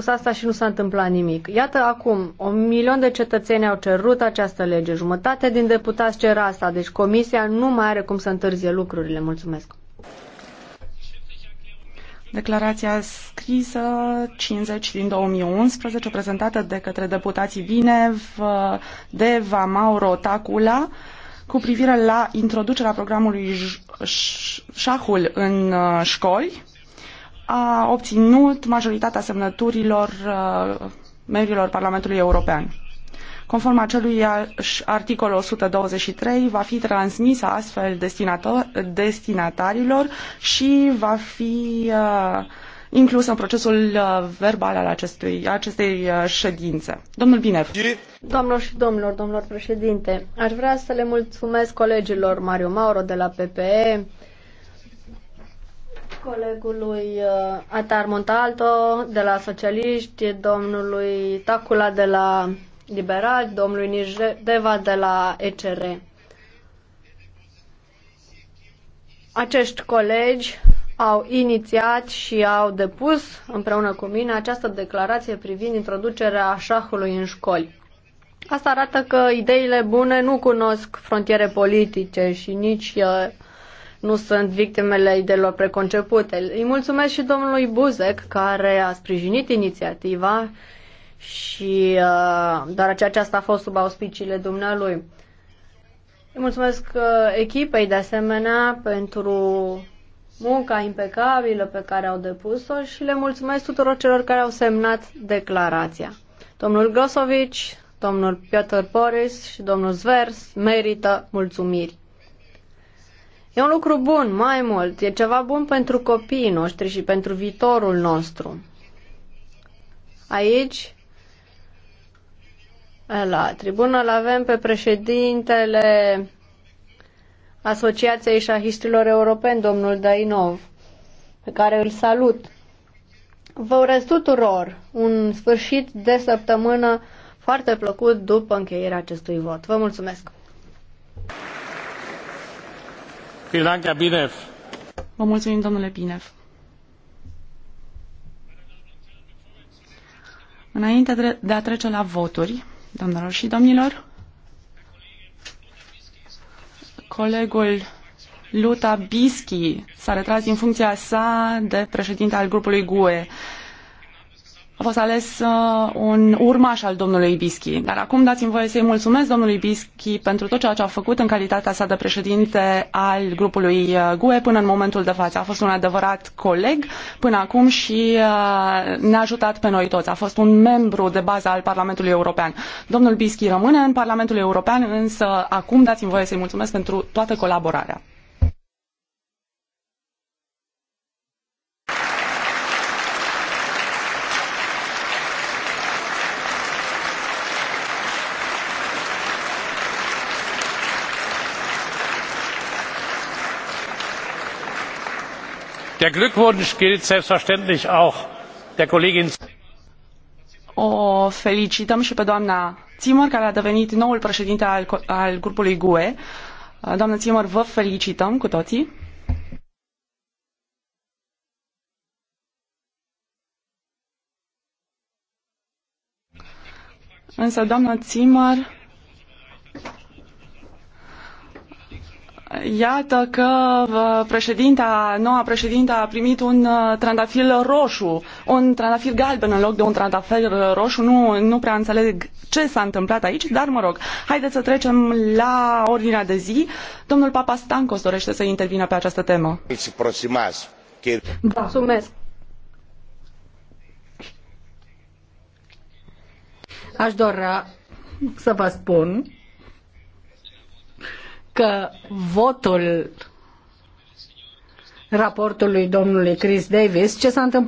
spus asta și nu s-a întâmplat nimic. Iată acum, un milion de cetățeni au cerut această lege, jumătate din deputați cer asta, deci comisia nu mai are cum să întârzie lucrurile. Mulțumesc! Declarația scrisă 50 din 2011, prezentată de către deputații Vinev, Deva, Mauro, Tacula, cu privire la introducerea programului șahul în uh, școli, a obținut majoritatea semnăturilor uh, membrilor Parlamentului European. Conform acelui articol 123, va fi transmisă astfel destinatarilor și va fi uh, inclusă în procesul uh, verbal al acestui, acestei ședințe. Domnul Binev. Doamnelor și domnilor, domnilor președinte, aș vrea să le mulțumesc colegilor Mario Mauro de la PPE, colegului uh, Atar Montalto de la Socialiști, domnului Tacula de la Liberali, domnului Nijdeva de la ECR. Acești colegi au inițiat și au depus împreună cu mine această declarație privind introducerea șahului în școli. Asta arată că ideile bune nu cunosc frontiere politice și nici uh, nu sunt victimele ideilor preconcepute. Îi mulțumesc și domnului Buzek, care a sprijinit inițiativa și uh, dar doar aceasta a fost sub auspiciile dumnealui. Îi mulțumesc uh, echipei de asemenea pentru munca impecabilă pe care au depus-o și le mulțumesc tuturor celor care au semnat declarația. Domnul Grosovici, domnul Piotr Boris și domnul Zvers merită mulțumiri. E un lucru bun, mai mult. E ceva bun pentru copiii noștri și pentru viitorul nostru. Aici, la tribună, îl avem pe președintele Asociației Șahistilor Europeni, domnul Dainov, pe care îl salut. Vă urez tuturor un sfârșit de săptămână foarte plăcut după încheierea acestui vot. Vă mulțumesc! Vă mulțumim, domnule Binev. Înainte de a trece la voturi, doamnelor și domnilor, colegul Luta bisky s-a retras din funcția sa de președinte al grupului GUE a fost ales uh, un urmaș al domnului Bischi. Dar acum dați-mi voie să-i mulțumesc domnului Bischi pentru tot ceea ce a făcut în calitatea sa de președinte al grupului uh, GUE până în momentul de față. A fost un adevărat coleg până acum și uh, ne-a ajutat pe noi toți. A fost un membru de bază al Parlamentului European. Domnul Bischi rămâne în Parlamentul European, însă acum dați-mi voie să-i mulțumesc pentru toată colaborarea. der glückwunsch gilt selbstverständlich auch der kollegin o felicităm și pe doamna Zimmer, care a devenit noul președinte al, al grupului GUE. Doamnă Zimmer, vă felicităm cu toții. Însă, doamna Zimmer, Iată că președinta, noua președintă a primit un uh, trandafir roșu, un trandafir galben în loc de un trandafir uh, roșu. Nu, nu prea înțeleg ce s-a întâmplat aici, dar mă rog, haideți să trecem la ordinea de zi. Domnul Papa Stancos dorește să intervină pe această temă. Da. Mulțumesc. Aș dori să vă spun că votul raportului domnului Chris Davis, ce s-a întâmplat